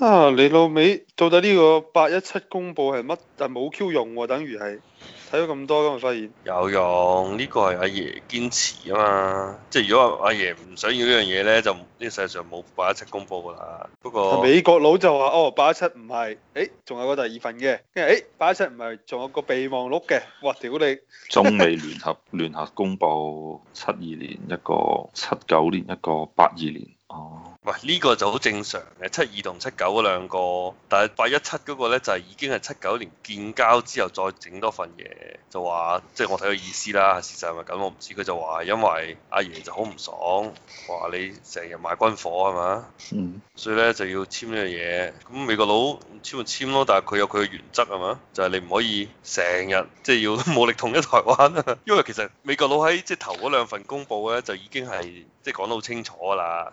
啊！你老味，到底呢個八一七公布係乜？但冇 Q 用喎，等於係睇咗咁多咁，我發現有用呢、呢個係阿爺堅持啊嘛！即係如果阿阿爺唔想要呢樣嘢呢，就呢世上冇八一七公布噶啦。不過美國佬就話哦，八一七唔係，誒、欸，仲有個第二份嘅，跟住誒，八一七唔係，仲有個備忘錄嘅，哇！屌你！中美聯合聯 合公布七二年一個，七九年一個，八二年哦。喂，呢個就好正常嘅，七二同七九嗰兩個，但係八一七嗰個呢，就係、是、已經係七九年建交之後再整多份嘢，就話即係我睇個意思啦，事實係咪咁，我唔知。佢就話因為阿爺就好唔爽，話你成日賣軍火係嘛？嗯，所以呢，就要簽呢樣嘢。咁美國佬簽咪簽咯，但係佢有佢嘅原則係嘛？就係、是、你唔可以成日即係要武力統一台灣，因為其實美國佬喺即係頭嗰兩份公報呢，就已經係即係講得好清楚啦，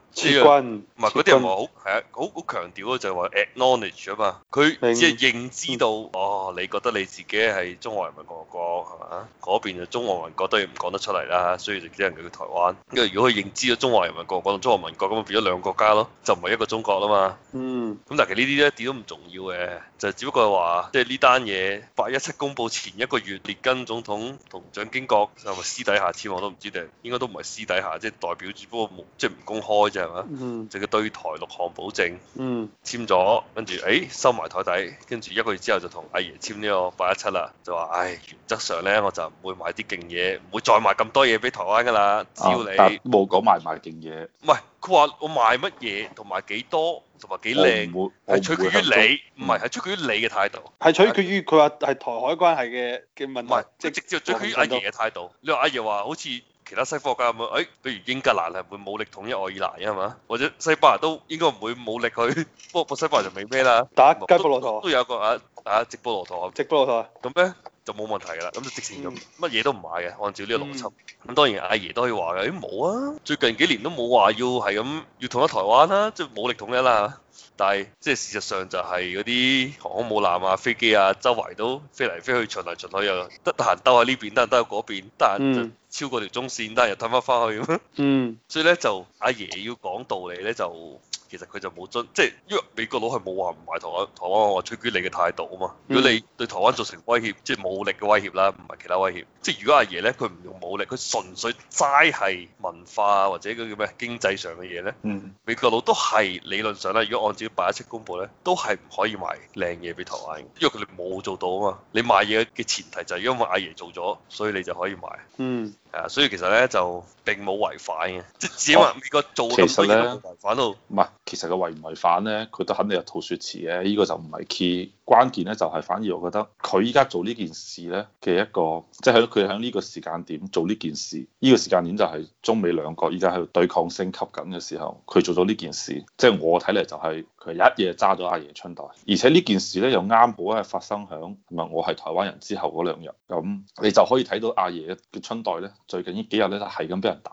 唔係嗰啲人話好係啊，好好強調咯，就係話 acknowledge 啊嘛，佢即係認知到哦，你覺得你自己係中華人民共和國係嘛？嗰邊就中華民國都唔講得出嚟啦，所以就啲人叫台灣。因為如果佢認知咗中華人民共和國同中華民國咁，就變咗兩個國家咯，就唔係一個中國啦嘛。嗯。咁但係其實呢啲一啲都唔重要嘅，就只不過係話即係呢單嘢八一七公佈前一個月，列根總統同蔣經國係咪私底下簽我都唔知定，應該都唔係私底下，即係代表，只不過即係唔公開啫係嘛？嗯。就對台六項保證，嗯，簽咗，跟住，誒、欸，收埋枱底，跟住一個月之後就同阿爺簽呢個八一七啦，就話，唉，原則上咧我就唔會賣啲勁嘢，唔會再賣咁多嘢俾台灣噶啦，只要你冇講賣唔賣勁嘢，唔係、啊，佢話我賣乜嘢，同埋幾多，同埋幾靚，唔係取決於你，唔係，係取決於你嘅態度，係、嗯、取決於佢話係台海關係嘅嘅問題，即是、就是、直接取決於阿爺嘅態度。你話阿爺話好似。其他西方國家國噶，誒、哎，比如英格蘭係會武力統一愛爾蘭，嘅係嘛？或者西班牙都應該唔會武力去。不過個西班牙就未咩啦。打吉布羅陀都，都有個啊，打直布羅陀啊，直布羅陀咁咩？就冇問題㗎啦，咁就直情咁，乜嘢、嗯、都唔買嘅，按照呢個邏輯。咁、嗯、當然阿爺，爺都可以話嘅，誒、欸、冇啊，最近幾年都冇話要係咁要統一台灣啦、啊，即係武力統一啦。但係即係事實上就係嗰啲航空母艦啊、飛機啊，周圍都飛嚟飛去、巡嚟巡去又得閒兜喺呢邊，得閒兜喺嗰邊，得閒、嗯、就超過條中線，但係又氹翻翻去咁。嗯。所以咧就阿爺，爺要講道理咧就。其實佢就冇遵，即係因為美國佬係冇話唔賣台灣，台灣話出於你嘅態度啊嘛。如果你對台灣造成威脅，即係武力嘅威脅啦，唔係其他威脅。即係如果阿爺咧，佢唔用武力，佢純粹齋係文化或者嗰叫咩經濟上嘅嘢咧，嗯、美國佬都係理論上咧，如果按照佢八一七公佈咧，都係唔可以賣靚嘢俾台灣，因為佢哋冇做到啊嘛。你賣嘢嘅前提就係因為阿爺做咗，所以你就可以賣。嗯，係啊，所以其實咧就並冇違法嘅，即係只係話美國做咁多嘢違法都唔係。其實佢違唔違反咧，佢都肯定有套說詞嘅。呢、這個就唔係 key 關鍵咧，就係、是、反而我覺得佢依家做呢件事咧嘅一個，即係喺佢喺呢個時間點做呢件事，呢、這個時間點就係中美兩國依家喺度對抗升級緊嘅時候，佢做咗呢件事，即、就、係、是、我睇嚟就係佢一夜揸咗阿爺春袋，而且呢件事咧又啱好係發生喺同埋我係台灣人之後嗰兩日，咁你就可以睇到阿爺嘅春袋咧，最近呢幾日咧係咁俾人彈，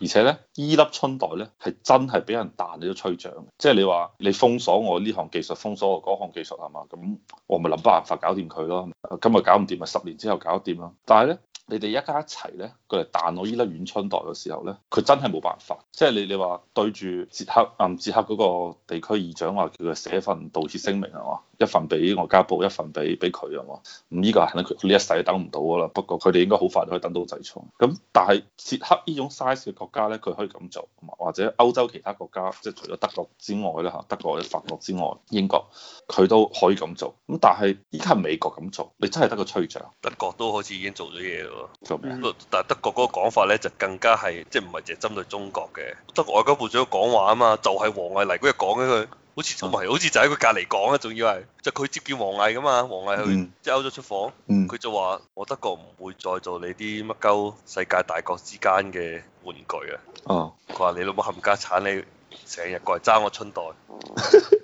而且咧依粒春袋咧係真係俾人彈你都吹脹。即係你話你封鎖我呢項技術，封鎖我嗰項技術係嘛？咁我咪諗不辦法搞掂佢咯。今日搞唔掂咪十年之後搞掂咯。但係咧，你哋一家一齊咧佢嚟彈我依粒軟春袋嘅時候咧，佢真係冇辦法。即係你你話對住捷克啊、嗯、捷克嗰個地區議長話叫佢寫份道歉聲明係嘛？一份俾外交部，一份俾俾佢啊嘛。咁呢個咧，佢呢一世等唔到噶啦。不過佢哋應該好快就可以等到制裁。咁但係捷克呢種 size 嘅國家咧，佢可以咁做，或者歐洲其他國家，即係除咗德國之外咧嚇，德國或者法國之外，英國佢都可以咁做。咁但係依家係美國咁做，你真係得個吹脹。德國都好似已經做咗嘢咯。做咩？但係德國嗰個講法咧，就更加係即係唔係淨係針對中國嘅。德國外交部長講話啊嘛，就係、是、王毅嚟嗰日講緊佢。好似唔係，好似就喺佢隔籬講啊，仲、啊、要係就佢、是、接見王毅噶嘛，王毅去即係歐洲出訪，佢、嗯、就話我德國唔會再做你啲乜鳩世界大國之間嘅玩具啊，佢話、哦、你老母冚家鏟你，成日過嚟揸我春袋。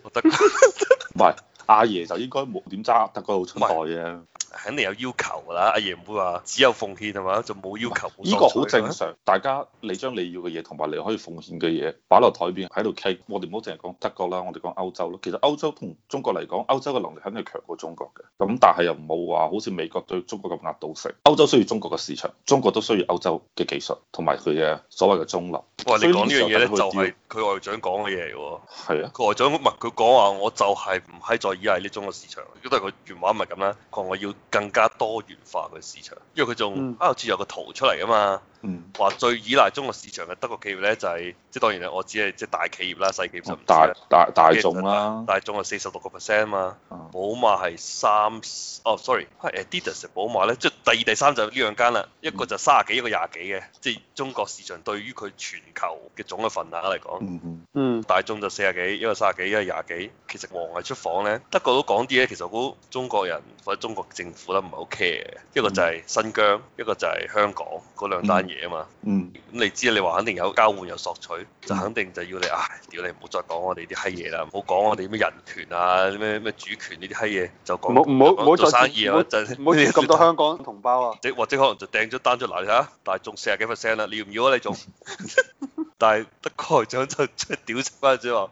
我德唔係 阿爺就應該冇點揸德國佬春袋嘅。肯定有要求啦，阿爺唔會話只有奉獻係嘛，就冇要求。呢個好正常，啊、大家你將你要嘅嘢同埋你可以奉獻嘅嘢擺落枱面喺度傾。我哋唔好淨係講德國啦，我哋講歐洲咯。其實歐洲同中國嚟講，歐洲嘅能力肯定係強過中國嘅。咁但係又唔好話好似美國對中國咁壓倒性。歐洲需要中國嘅市場，中國都需要歐洲嘅技術同埋佢嘅所謂嘅中立。你講呢樣嘢咧就係佢外長講嘅嘢嚟嘅喎。係啊，佢外長唔係佢講話，我就係唔係再依賴呢中國市場，都係佢原話唔係咁啦。講我要。更加多元化嘅市場，因為佢仲啱先有個圖出嚟啊嘛。嗯，話最依賴中國市場嘅德國企業咧，就係即係當然係我只係即係大企業啦，細企業就唔大大大眾啦，大眾係四十六個 percent 啊嘛，寶馬係三哦，sorry，係 Adidas 寶馬咧，即係第二第三就呢兩間啦，一個就三十幾，一個廿幾嘅，即係中國市場對於佢全球嘅總嘅份額嚟講，嗯嗯，嗯，大眾就四十幾，一個三十幾，一個廿幾，其實王毅出訪咧，德國都講啲嘢，其實好中國人或者中國政府咧唔係 OK a 嘅，一個就係新疆，一個就係香港嗰兩嘢啊嘛，咁、嗯、你知你話肯定有交換有索取，就肯定就要你，唉，屌你唔好再講我哋啲閪嘢啦，唔好講我哋咩人權啊，咩咩主權呢啲閪嘢，就講唔好唔好唔好做生意啊，唔好咁多香港同胞啊，即 或者可能就掟咗單出嚟。你但係仲四十幾 percent 啦，你要唔要啊你仲？ 但係德國外長就即係屌死翻，即係話。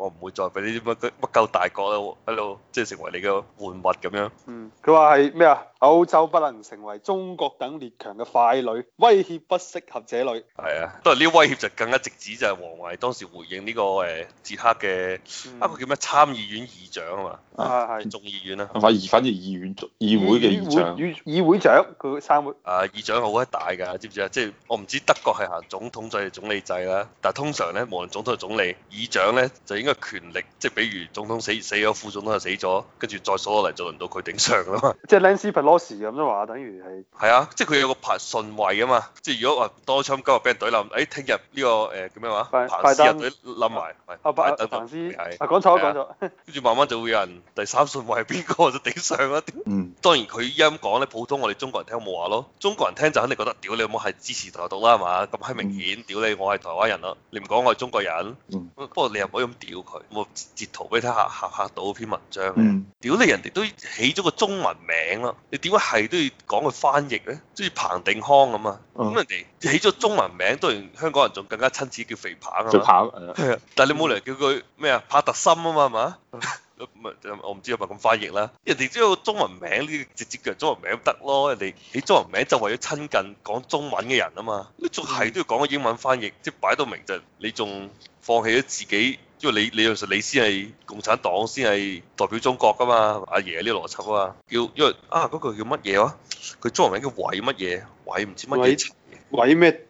我唔會再俾呢啲乜嘅不夠大國喺度，喺度即係成為你嘅玩物咁樣。嗯，佢話係咩啊？歐洲不能成為中國等列強嘅傀儡，威脅不適合這裏。係啊，都係呢個威脅就更加直指就係王毅當時回應呢個誒捷克嘅一、嗯、個叫咩參議院議長啊嘛。係係、嗯啊、眾議院啊。係，反反正議院議會嘅議長。議會議會長佢參會啊，議長好一大㗎，知唔、就是、知啊？即係我唔知德國係行總統制定總理制啦，但係通常咧，無論總統定總理議長咧，就應該嘅權力，即係比如總統死死咗，副總統就死咗，跟住再數落嚟就輪到佢頂上啦嘛、啊、嘛。即係 Nancy Pelosi 咁啫嘛，等於係係啊，即係佢有個排順位啊嘛。即係如果話加咗 band 俾人懟冧，誒，聽日呢個誒叫咩話？排單人懟冧埋，排單排啊，講錯、啊、講錯。跟 住慢慢就會有人第三順位邊個就頂上啊。嗯，當然佢一啲咁講咧，普通我哋中國人聽冇話咯，咯。中國人聽就肯定覺得，屌你冇係支持台獨啦，係嘛？咁閪明顯，嗯、屌你我係台灣人咯，你唔講我係中國人。嗯不過你又唔可以咁屌佢，我截圖俾你睇下，嚇嚇到篇文章嘅。屌、嗯、你人哋都起咗個中文名咯，你點解係都要講佢翻譯咧？即係彭定康咁啊，咁、嗯、人哋起咗中文名，當然香港人仲更加親切叫肥彭啊嘛。肥彭係啊，但係你冇理由叫佢咩啊？帕特森啊嘛，係嘛？ 唔係，我唔知有冇咁翻譯啦，人哋知道中文名呢，直接叫中文名都得咯。人哋你中文名就為咗親近講中文嘅人啊嘛，你仲係都要講個英文翻譯，即係擺到明就你仲放棄咗自己，因為你你又你先係共產黨，先係代表中國噶嘛，阿爺呢個邏輯啊嘛，叫因為啊嗰句叫乜嘢啊？佢中文名叫韋乜嘢？韋唔知乜嘢？韋咩？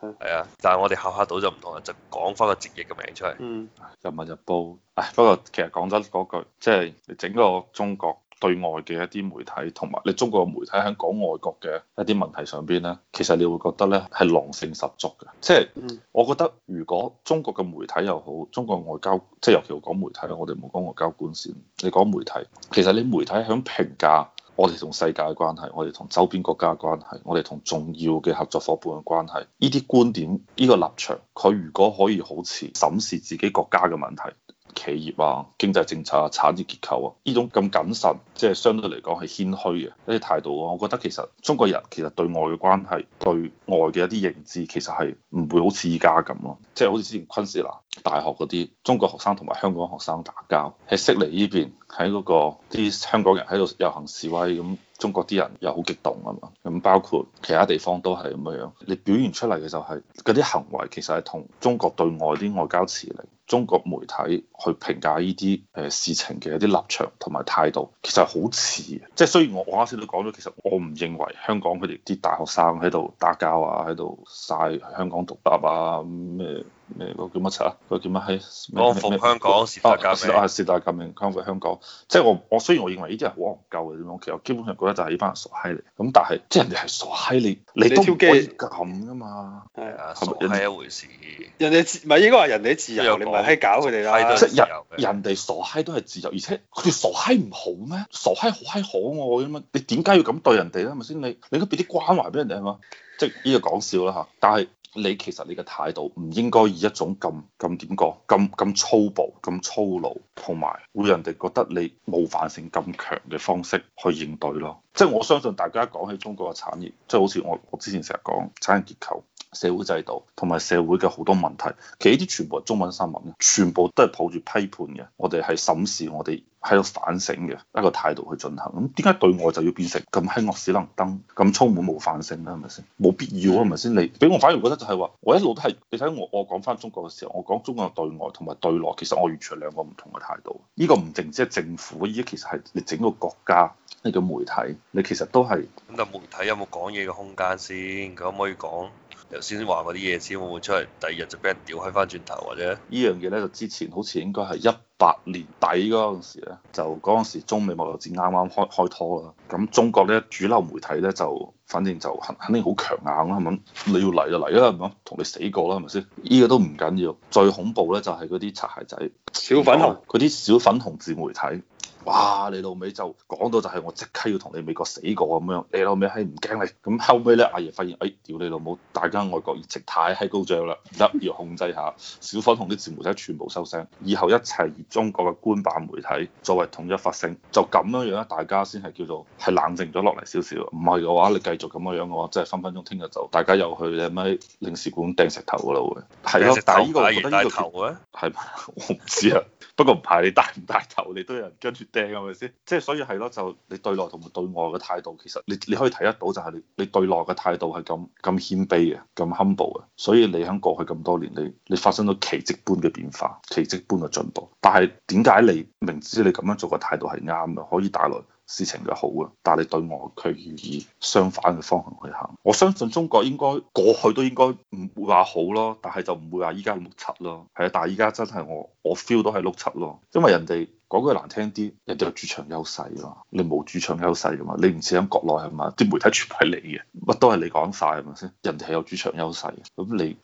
係啊，嗯、但係我哋考下到就唔同啦，就講翻個直譯嘅名出嚟。人民、嗯、日、日報，唉，不過其實講真嗰句，即、就、係、是、整個中國對外嘅一啲媒體，同埋你中國嘅媒體喺講外國嘅一啲問題上邊咧，其實你會覺得咧係狼性十足嘅。即、就、係、是、我覺得如果中國嘅媒體又好，中國外交即係、就是、尤其我講媒體我哋冇講外交官先。你講媒體，其實你媒體響評價。我哋同世界嘅關係，我哋同周邊國家嘅關係，我哋同重要嘅合作伙伴嘅關係，呢啲觀點，呢個立場，佢如果可以好似審視自己國家嘅問題、企業啊、經濟政策啊、產業結構啊，呢種咁謹慎，即係相對嚟講係謙虛嘅一啲態度啊，我覺得其實中國人其實對外嘅關係、對外嘅一啲認知，其實係唔會好似依家咁咯，即係好似之前昆士蘭。大學嗰啲中國學生同埋香港學生打交，喺悉尼呢邊，喺嗰、嗰個啲香港人喺度遊行示威，咁中國啲人又好激動啊嘛，咁包括其他地方都係咁嘅樣。你表現出嚟嘅就係嗰啲行為，其實係同中國對外啲外交詞彙、中國媒體去評價呢啲誒事情嘅一啲立場同埋態度，其實係好似嘅。即係雖然我我啱先都講咗，其實我唔認為香港佢哋啲大學生喺度打交啊，喺度晒香港獨立啊咩。咩嗰叫乜柒啊？嗰叫乜閪？我香港時代革命啊、哦！時代革命光復香，香港，即係我我雖然我認為呢啲人好戇鳩嘅點講，其實我基本上覺得就係呢班傻閪嚟。咁但係即係人哋係傻閪嚟，你，你，你都可以咁噶嘛？係啊、哎呀，傻閪一回事。是是人哋自唔係應該話人哋自由，說你咪閪搞佢哋啦！即係人哋傻閪都係自由，而且佢哋傻閪唔好咩？傻閪好閪可惡嘅嘛！你點解要咁對人哋咧？咪先？你你都應該俾啲關懷俾人哋係嘛？即係呢、呢個講笑啦嚇，但係。你其實你嘅態度唔應該以一種咁咁點講咁咁粗暴、咁粗魯，同埋會人哋覺得你冒犯性咁強嘅方式去應對咯。即係我相信大家講起中國嘅產業，即係好似我我之前成日講產業結構、社會制度同埋社會嘅好多問題，其實呢啲全部係中文新聞咧，全部都係抱住批判嘅，我哋係審視我哋喺度反省嘅一個態度去進行。咁點解對外就要變成咁惡死能登、咁充滿冒犯性咧？係咪先？冇必要啊，係咪先？你俾我反而覺得就係話，我一路都係你睇我我講翻中國嘅時候，我講中國嘅對外同埋對內，其實我完全係兩個唔同嘅態度。呢個唔淨止係政府，依家其實係你整個國家。呢個媒體，你其實都係咁，但媒體有冇講嘢嘅空間先？佢可唔可以講頭先話嗰啲嘢先？會唔會出嚟第二日就俾人屌開翻轉頭？或者呢樣嘢咧，就之前好似應該係一八年底嗰陣時咧，就嗰陣時中美貿易戰啱啱開開拖啦。咁中國咧主流媒體咧就，反正就肯肯定好強硬啦，係咪？你要嚟就嚟啦，啊，係咪？同你死過啦，係咪先？呢、這個都唔緊要。最恐怖咧就係嗰啲擦鞋仔、小粉紅、嗰啲小粉紅自媒體。哇！你老味就講到就係我即刻要同你美國死過咁樣，你老味閪唔驚你？咁後尾咧，阿爺發現，哎，屌你老母！大家外國熱情太閪高漲啦，唔得要控制下。小粉同啲節目仔全部收聲，以後一切以中國嘅官辦媒體作為統一發聲，就咁樣樣，大家先係叫做係冷靜咗落嚟少少。唔係嘅話，你繼續咁樣樣嘅話，即係分分鐘聽日就大家又去你咪領事館掟石頭噶啦會。係咯，但係依個我覺得依個係嘅？係嘛？我唔知啊。不過唔係你帶唔帶頭，你都有人跟住。嘅係咪先？即係 所以係咯，就你對內同對外嘅態度，其實你你可以睇得到，就係你你對內嘅態度係咁咁謙卑嘅，咁 humble 嘅。所以你喺過去咁多年，你你發生咗奇蹟般嘅變化，奇蹟般嘅進步。但係點解你明知你咁樣做嘅態度係啱嘅，可以帶來？事情就好啊，但係你對我佢願意相反嘅方向去行。我相信中國應該過去都應該唔會話好咯，但係就唔會話依家六七咯。係啊，但係依家真係我我 feel 都係六七咯，因為人哋講句難聽啲，人哋有主場優勢啊嘛，你冇主場優勢啊嘛，你唔似喺國內係嘛，啲媒體全部係你嘅，乜都係你講晒係咪先？人哋係有主場優勢，咁你。